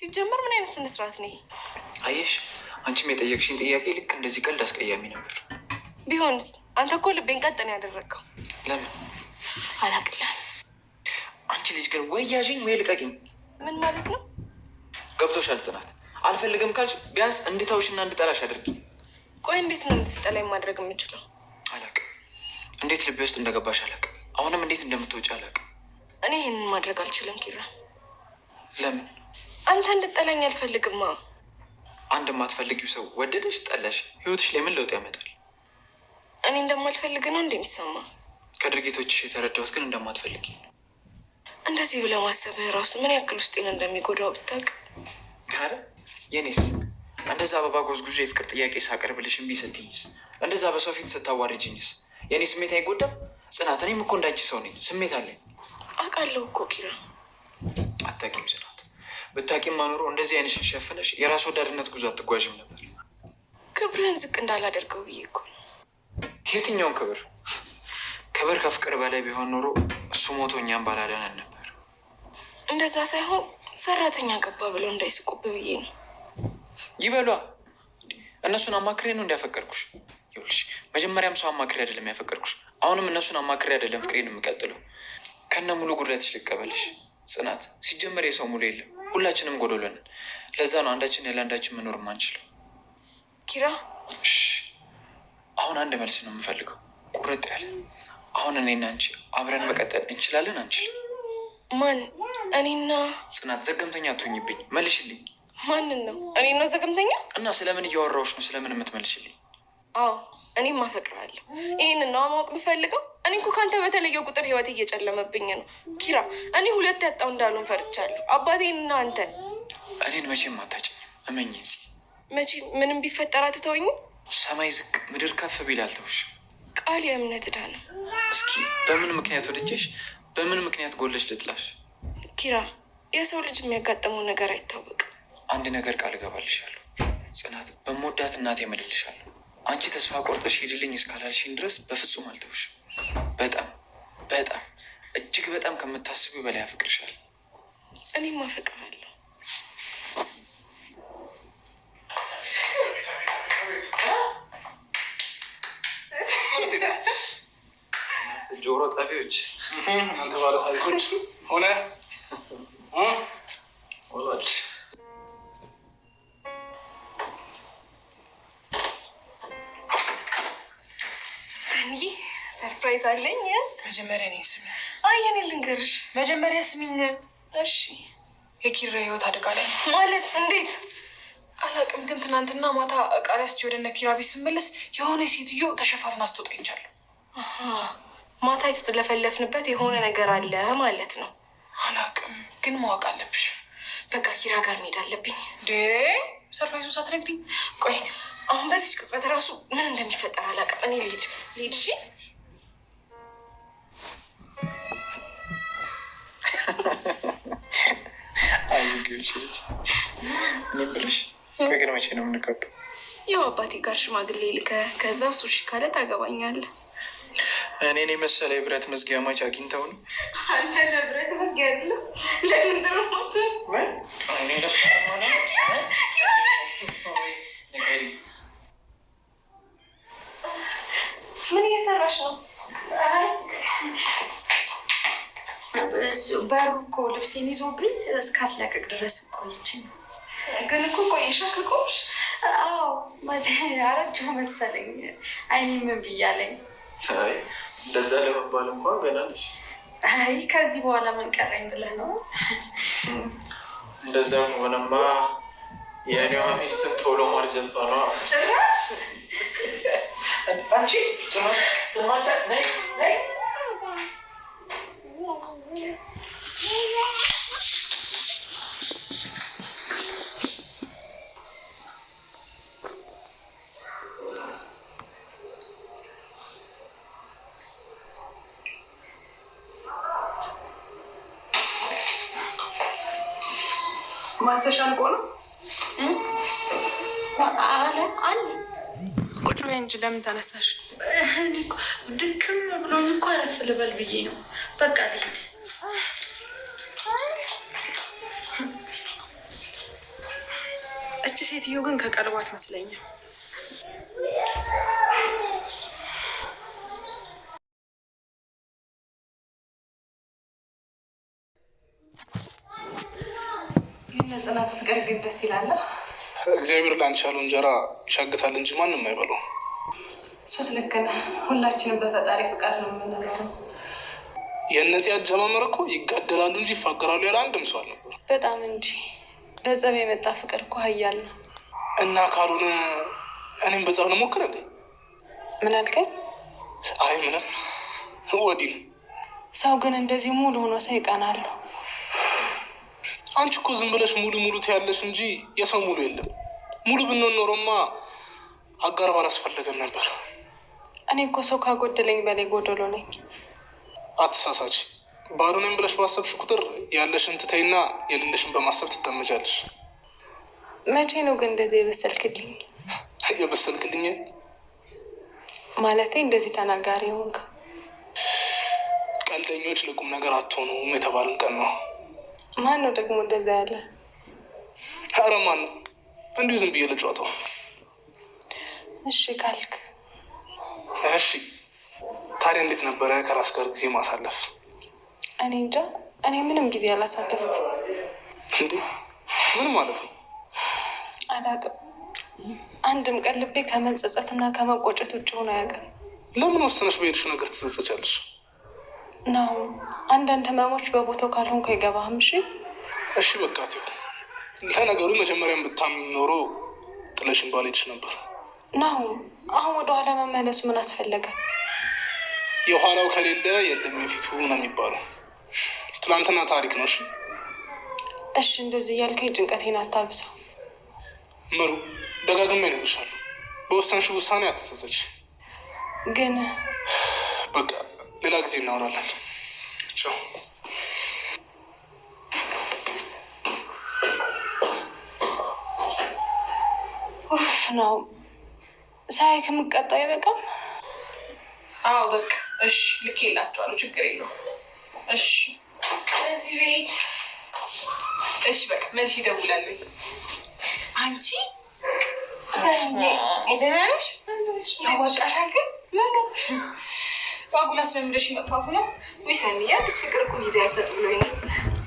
ሲጀመር ምን አይነት ስነስርዓት ነው? አየሽ፣ አንቺም የጠየቅሽኝ ጥያቄ ልክ እንደዚህ ቀልድ አስቀያሚ ነበር። ቢሆንስ አንተ እኮ ልቤን ቀጥን ያደረግከው ለምን አላቅላል። አንቺ ልጅ ግን ወይ ያዥኝ ወይ ልቀቂኝ። ምን ማለት ነው? ገብቶሻል ጽናት? አልፈልግም ካልሽ ቢያንስ እንድታውሽና እንድጠላሽ አድርጊ። ቆይ እንዴት ነው እንድትጠላኝ ማድረግ የምችለው? አላቅ እንዴት ልቤ ውስጥ እንደገባሽ አላቅ አሁንም እንዴት እንደምትወጪ አላቅ? እኔ ይህንን ማድረግ አልችልም ኪራ። ለምን አንተ እንድጠላኝ አልፈልግማ። አንድ የማትፈልጊው ሰው ወደደሽ ጠላሽ ህይወትሽ ላይ ምን ለውጥ ያመጣል? እኔ እንደማልፈልግ ነው እንደሚሰማ ከድርጊቶችሽ የተረዳሁት ግን እንደማትፈልጊ። እንደዚህ ብለ ማሰብህ ራሱ ምን ያክል ውስጤን እንደሚጎዳው ብታውቅ። ኧረ የኔስ እንደዛ አበባ ጎዝጉዞ የፍቅር ጥያቄ ሳቀርብልሽ እምቢ ስትይኝስ? እንደዛ በሰው ፊት ስታዋርጅኝስ? የኔ ስሜት አይጎዳም? ጽናት፣ እኔም እኮ እንዳንቺ ሰው ነኝ፣ ስሜት አለኝ። አውቃለሁ እኮ ኪራ፣ አታውቂም ብታቂ ማኖሮ እንደዚህ አይነት ሸፍነሽ የራስ ወዳድነት ጉዞ አትጓዥም ነበር። ክብርህን ዝቅ እንዳላደርገው ብዬ እኮ የትኛውን ክብር? ክብር ከፍቅር በላይ ቢሆን ኖሮ እሱ ሞቶ እኛም ባላዳነን ነበር። እንደዛ ሳይሆን ሰራተኛ ገባ ብለው እንዳይስቁብ ብዬ ነው። ይበሏ። እነሱን አማክሬ ነው እንዲያፈቀርኩሽ። ይኸውልሽ መጀመሪያም ሰው አማክሬ አይደለም ያፈቀርኩሽ። አሁንም እነሱን አማክሬ አይደለም ፍቅሬን የምቀጥለው። ከነ ሙሉ ጉዳትሽ ልቀበልሽ ጽናት። ሲጀመር የሰው ሙሉ የለም ሁላችንም ጎዶሎን። ለዛ ነው አንዳችን ያለ አንዳችን መኖር ማንችለው። ኪራ አሁን አንድ መልስ ነው የምፈልገው፣ ቁርጥ ያለ። አሁን እኔና አንቺ አብረን መቀጠል እንችላለን አንችልም? ማን እኔና ጽናት? ዘገምተኛ አትሁኝብኝ፣ መልሽልኝ። ማንን ነው? እኔና ዘገምተኛ? እና ስለምን እያወራሁሽ ነው? ስለምን የምትመልሽልኝ? አዎ እኔም አፈቅራለሁ። ይህን እና ማወቅ የምፈልገው እኔ እኮ ከአንተ በተለየ ቁጥር ህይወት እየጨለመብኝ ነው ኪራ። እኔ ሁለት ያጣው እንዳሉን ፈርቻለሁ፣ አባቴን አንተን። እኔን መቼም አታጭኝም፣ እመኝ መቼ ምንም ቢፈጠር አትተወኝም። ሰማይ ዝቅ ምድር ከፍ ቢል አልተውሽ። ቃል የእምነት ዳ ነው። እስኪ በምን ምክንያት ወድጄሽ፣ በምን ምክንያት ጎለሽ ልጥላሽ? ኪራ፣ የሰው ልጅ የሚያጋጠመው ነገር አይታወቅም። አንድ ነገር ቃል እገባልሻለሁ ጽናት፣ በምወዳት እናቴ እምልልሻለሁ አንቺ ተስፋ ቆርጠሽ ሄድልኝ እስካላልሽኝ ድረስ በፍጹም አልተውሽ። በጣም በጣም እጅግ በጣም ከምታስቢው በላይ አፈቅርሻል። እኔም አፈቅራለሁ። ጆሮ ጠፊዎች ባለታሪኮች ሆነ ማምዬ ሰርፕራይዝ አለኝ። መጀመሪያ እኔ ስሚ። አይ የኔ ልንገርሽ። መጀመሪያ ስሚኝ እሺ። የኪራ ህይወት አደጋ ላይ ማለት እንዴት አላቅም፣ ግን ትናንትና ማታ ዕቃ ረስቼ ወደ እነ ኪራ ቤት ስመለስ የሆነ ሴትዮ ተሸፋፍና ስትወጣ ይቻለሁ። ማታ የተጥለፈለፍንበት የሆነ ነገር አለ ማለት ነው። አላቅም፣ ግን ማወቅ አለብሽ። በቃ ኪራ ጋር መሄድ አለብኝ። እንዴ ሰርፕራይዙ ሳትነግሪኝ ቆይ አሁን በዚች ቅጽበት ራሱ ምን እንደሚፈጠር አላውቅም። እኔ ልሄድ ልሄድ። እሺ ብለሽ ግን መቼ ነው የምንጋባው? ያው አባቴ ጋር ሽማግሌ ልከ ከዛ እሱ እሺ ካለ ታገባኛለህ። እኔን የመሰለ የብረት መዝጊያ ማች አግኝተው ነው አንተ ለብረት መዝጊያ ያለው ወይ ለሱ ማለ ምን እየሰራሽ ነው? በሩ እኮ ልብሴን ይዞብኝ እስካስለቅቅ ድረስ ቆይቼ ግን እኮ ቆየሽ ከቆምሽ? አዎ አረጀሁ መሰለኝ። አይኔ ምን ብያለኝ። አይ እንደዛ ለመባል እንኳን ገና ነሽ። አይ ከዚህ በኋላ ምን ቀረኝ ብለህ ነው? እንደዛም ሆነማ የእኔዋ ሚስትን ቶሎ ማርጀቷ ነዋ ጭራሽ አንቺ ትማጫ ነይ ነይ ማስተሻልቆ ነው አለ በይ እንጂ ለምን ተነሳሽ? ድክም ብሎ እኮ አረፍ ልበል ብዬ ነው። በቃ ልሂድ። እች ሴትዮ ግን ከቀልቧት መስለኛል። ጽናት ፍቅር ግን ደስ ይላል። እግዚአብሔር ለአንቺ ያለው እንጀራ ይሻግታል እንጂ ማንም አይበለው። ስስ ልክ ነህ። ሁላችንም በፈጣሪ ፍቃድ ነው የምንኖረው። የእነዚህ አጀማመር እኮ ይጋደላሉ እንጂ ይፋቀራሉ ያለ አንድም ሰው አልነበር። በጣም እንጂ በጸብ የመጣ ፍቅር እኮ ሀያል ነው። እና ካልሆነ እኔም በጸብ ነው ሞክር እንዴ? ምን አልከኝ? አይ ምንም ወዲህ ነው። ሰው ግን እንደዚህ ሙሉ ሆኖ ሳይቀናለሁ። አንቺ እኮ ዝም ብለሽ ሙሉ ሙሉ ትያለሽ እንጂ የሰው ሙሉ የለም። ሙሉ ብንኖረማ ኖሮማ አጋር ባላስፈለገን ነበር። እኔ እኮ ሰው ካጎደለኝ በላይ ጎደሎ ነኝ። አትሳሳች። ባዶ ነኝ ብለሽ ባሰብሽ ቁጥር ያለሽን ትተይና የሌለሽን በማሰብ ትጠመጃለሽ። መቼ ነው ግን እንደዚህ የበሰልክልኝ? የበሰልክልኝ ማለቴ እንደዚህ ተናጋሪ ሆንክ። ቀልደኞች ለቁም ነገር አትሆኑም የተባልን ቀን ነው። ማን ነው ደግሞ እንደዛ ያለ? ኧረ ማን እንዲሁ ዝም ብዬ ልጫወተው። እሺ ካልክ እሺ ታዲያ እንዴት ነበረ ከራስ ጋር ጊዜ ማሳለፍ? እኔ እንጃ፣ እኔ ምንም ጊዜ አላሳለፍኩ። እንዴ ምን ማለት ነው? አላውቅም። አንድም ቀን ልቤ ከመጸጸትና ከመቆጨት ውጭ ሆኖ አያውቅም። ለምን ወሰነች በሄድሽ ነገር ትጸጸቻለሽ? ነው አንዳንድ ህመሞች በቦታው ካልሆንኩ አይገባህም። እሺ እሺ፣ በቃ ለነገሩ መጀመሪያም ብታምኝ ኖሮ ጥለሽን ባልሄድሽ ነበር። ነው አሁን ወደኋላ መመለሱ ምን አስፈለገ? የኋላው ከሌለ የለም የፊቱ ነው የሚባለው። ትናንትና ታሪክ ነው። እሺ እሺ፣ እንደዚህ እያልከኝ ጭንቀቴን አታብሰው። ምሩ፣ ደጋግሜ እነግርሻለሁ፣ በወሰንሽ ውሳኔ አትሰሰች። ግን በቃ ሌላ ጊዜ እናወራለን። ቻው። ነው ሳይ ከምቀጣ አይበቃም። አዎ በቃ እሺ፣ ልክ የላቸዋሉ ችግር የለው። እሺ እዚህ ቤት እሺ፣ በቃ መልሽ ይደውላሉ። አንቺ ደናሽ ያዋቃሻል፣ ግን ምኑ በአጉላስ መምደሽ መጥፋቱ ነው ወይስ? አንያ ፍቅር እኮ ጊዜ አይሰጥ ብሎኝ ነው፣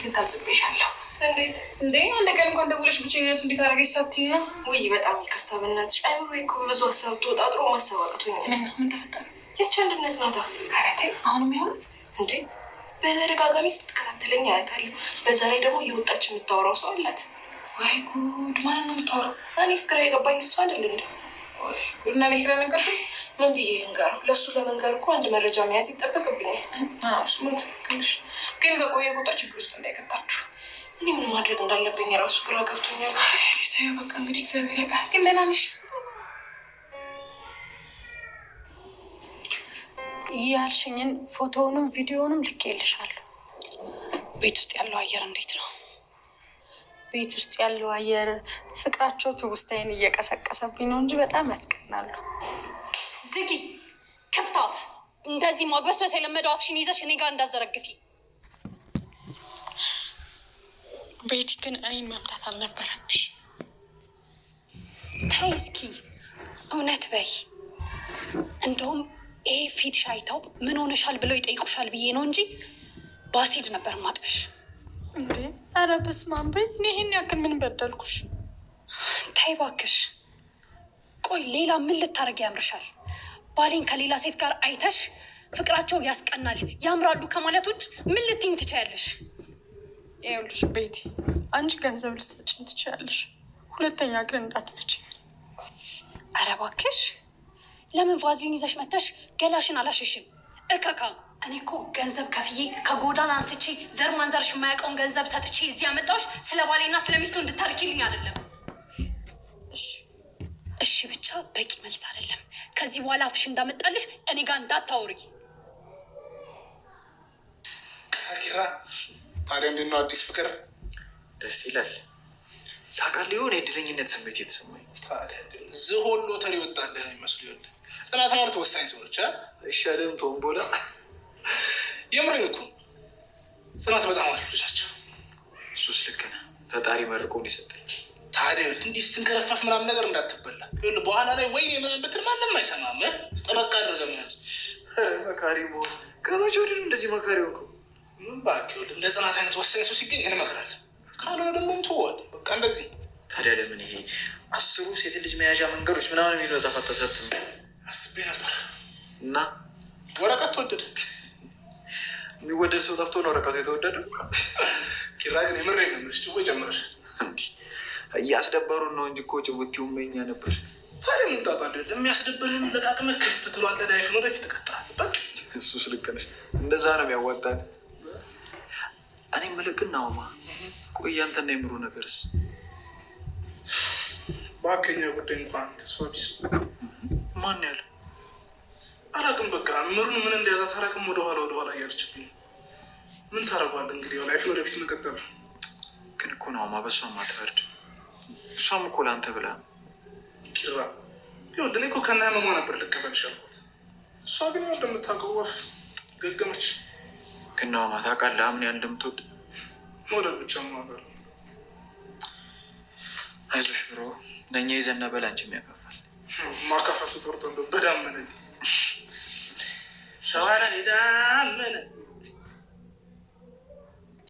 ግን ታዝቤሻለሁ እንዴት እንዴ! አንድ ቀን እንኳን ደውለሽ ብቸኝነት እንዴት አደረገች ሳትይኝ ነው? ውይ በጣም ይቅርታ በእናትሽ፣ አይምሮ እኮ ብዙ ሀሳብ ተወጣጥሮ ማሰብ አቅቶኝ። ምን ተፈጠረ? ያቺ አንድነት ናታ። ኧረ ተይ፣ አሁንም የሆነት እንዴ! በተደጋጋሚ ስትከታተለኝ አያታለሁ። በዛ ላይ ደግሞ እየወጣች የምታወራው ሰው አላት። ወይ ጉድ! ማንን ነው የምታወራው? እኔ እስክራ የገባኝ እሱ አይደል እንደ እና ለኪራ ነገር ምን ብዬ ልንገረው? ለእሱ ለመንገር እኮ አንድ መረጃ መያዝ ይጠበቅብኛል። ግን በቆየ ቁጥር ችግር ውስጥ እንዳይከታችሁ እኔ ምን ማድረግ እንዳለብኝ የራሱ ግራ ገብቶኛል። በቃ እንግዲህ እግዚአብሔር ያውቃል። ግን ደህና ነሽ? ያልሽኝን ፎቶውንም ቪዲዮውንም ልኬልሻለሁ። ቤት ውስጥ ያለው አየር እንዴት ነው? ቤት ውስጥ ያለው አየር ፍቅራቸው ትውስታዬን እየቀሰቀሰብኝ ነው እንጂ በጣም ያስቀናሉ። ዝጊ፣ ክፍት አፍ። እንደዚህ ማግበስበስ የለመደው አፍሽን ይዘሽ እኔ ጋር እንዳዘረግፊ ቤቲ ግን እኔን መምታት አልነበረብሽ። ተይ እስኪ እውነት በይ። እንደውም ይሄ ፊትሽ አይተው ምን ሆነሻል ብለው ይጠይቁሻል ብዬ ነው እንጂ በአሲድ ነበር ማጥፍሽ። እንዴ አረ በስመ አብ በይ። ይህን ያክል ምን በደልኩሽ? ተይ እባክሽ። ቆይ ሌላ ምን ልታደርጊ ያምርሻል? ባሌን ከሌላ ሴት ጋር አይተሽ ፍቅራቸው ያስቀናል ያምራሉ ከማለት ውጭ ምን ልትኝ ትችያለሽ? ይኸውልሽ ቤቲ፣ አንቺ ገንዘብ ልሰጭን ትችላለሽ፣ ሁለተኛ ግን እንዳትመጪ። ኧረ እባክሽ ለምን ቫዚን ይዘሽ መተሽ ገላሽን አላሸሽም? እከካ እኔ እኮ ገንዘብ ከፍዬ ከጎዳና አንስቼ ዘር ማንዘርሽ የማያውቀውን ገንዘብ ሰጥቼ እዚህ ያመጣሁሽ ስለ ባሌና ስለ ሚስቱ እንድታልኪልኝ አይደለም። እሺ ብቻ በቂ መልስ አይደለም። ከዚህ በኋላ አፍሽ እንዳመጣልሽ እኔ ጋር እንዳታወሪ። ታዲያ እንዴት ነው አዲስ ፍቅር? ደስ ይላል። ታውቃለህ የሆነ የእድለኝነት ስሜት የተሰማኝ ዝሆን ሎተሪ ወጣልህ ይመስሉ ይሆን? ጽናት ማለት ወሳኝ ሰዎች አይሻልም? ቶምቦላ የምሬን እኮ ጽናት በጣም አሪፍ ልጃቸው። እሱስ ልክ ነህ። ፈጣሪ መርቆን ነው የሰጠኝ። ታዲያ እንዲህ ስትንከረፈፍ ምናምን ነገር እንዳትበላ በኋላ ላይ ወይኔ ምናምን ብትል ማንም አይሰማም። ጠበቃ አድርገህ መያዝ መካሪ መሆን ከመቼ ወዲህ ነው እንደዚህ መካሪ ሆንኩ? ምን እባክህ ይኸውልህ፣ እንደ ጽናት አይነት ወሳኝ ሰው ሲገኝ እንመክራለን፣ ካልሆነ ደግሞ ምትወል በቃ እንደዚህ። ታዲያ ለምን ይሄ አስሩ ሴት ልጅ መያዣ መንገዶች ምናምን የሚለው መጽሐፍ አታሳትም? አስቤ ነበር እና ወረቀት ተወደደ። የሚወደድ ሰው ጠፍቶ ነው ወረቀቱ የተወደደ። ኪራ ግን የምሬ ነው የምልሽ ጭቦ ይጨምራል። እያስደበሩን ነው እንጂ እኮ ጭቡቲው መኛ ነበር። ታዲያ ምንጣጣ ጣጣ አለ? የሚያስደብርህን ለቃቅመህ ክፍት ትሏለህ። ላይፍን ወደፊት ቀጥላል። በቃ እሱስ ልክ ነሽ። እንደዛ ነው የሚያዋጣን እኔ የምልህ ግን ናውማ፣ ቆይ ያንተና የምሩ ነገርስ? በአከኛ ጉዳይ እንኳን ተስፋ ማን ያለ አላቅም። በቃ ምሩን ምን እንደያዛት ታረቅም። ወደኋላ ወደኋላ እያለችብኝ ምን ታረጓል እንግዲህ ላይፍ ወደፊት መቀጠል ግን እኮ ናውማ፣ በእሷም አትፈርድ። እሷም እኮ ለአንተ ብላ ኪራ ይኸውልህ፣ እኔ እኮ ከና መማ ነበር ልቀበልሽ አልኳት። እሷ ግን እንደምታውቀው ወፍ ገገመች። ግናዋ ማታ ቃል ለአምን ያን እንደምትወድ ወደ ብቻ ማበር አይዞሽ ብሮ ለእኛ ይዘና በል አንቺም ያካፋል ማካፋቱ እንደ በዳመነ ሸዋረ ዳመነ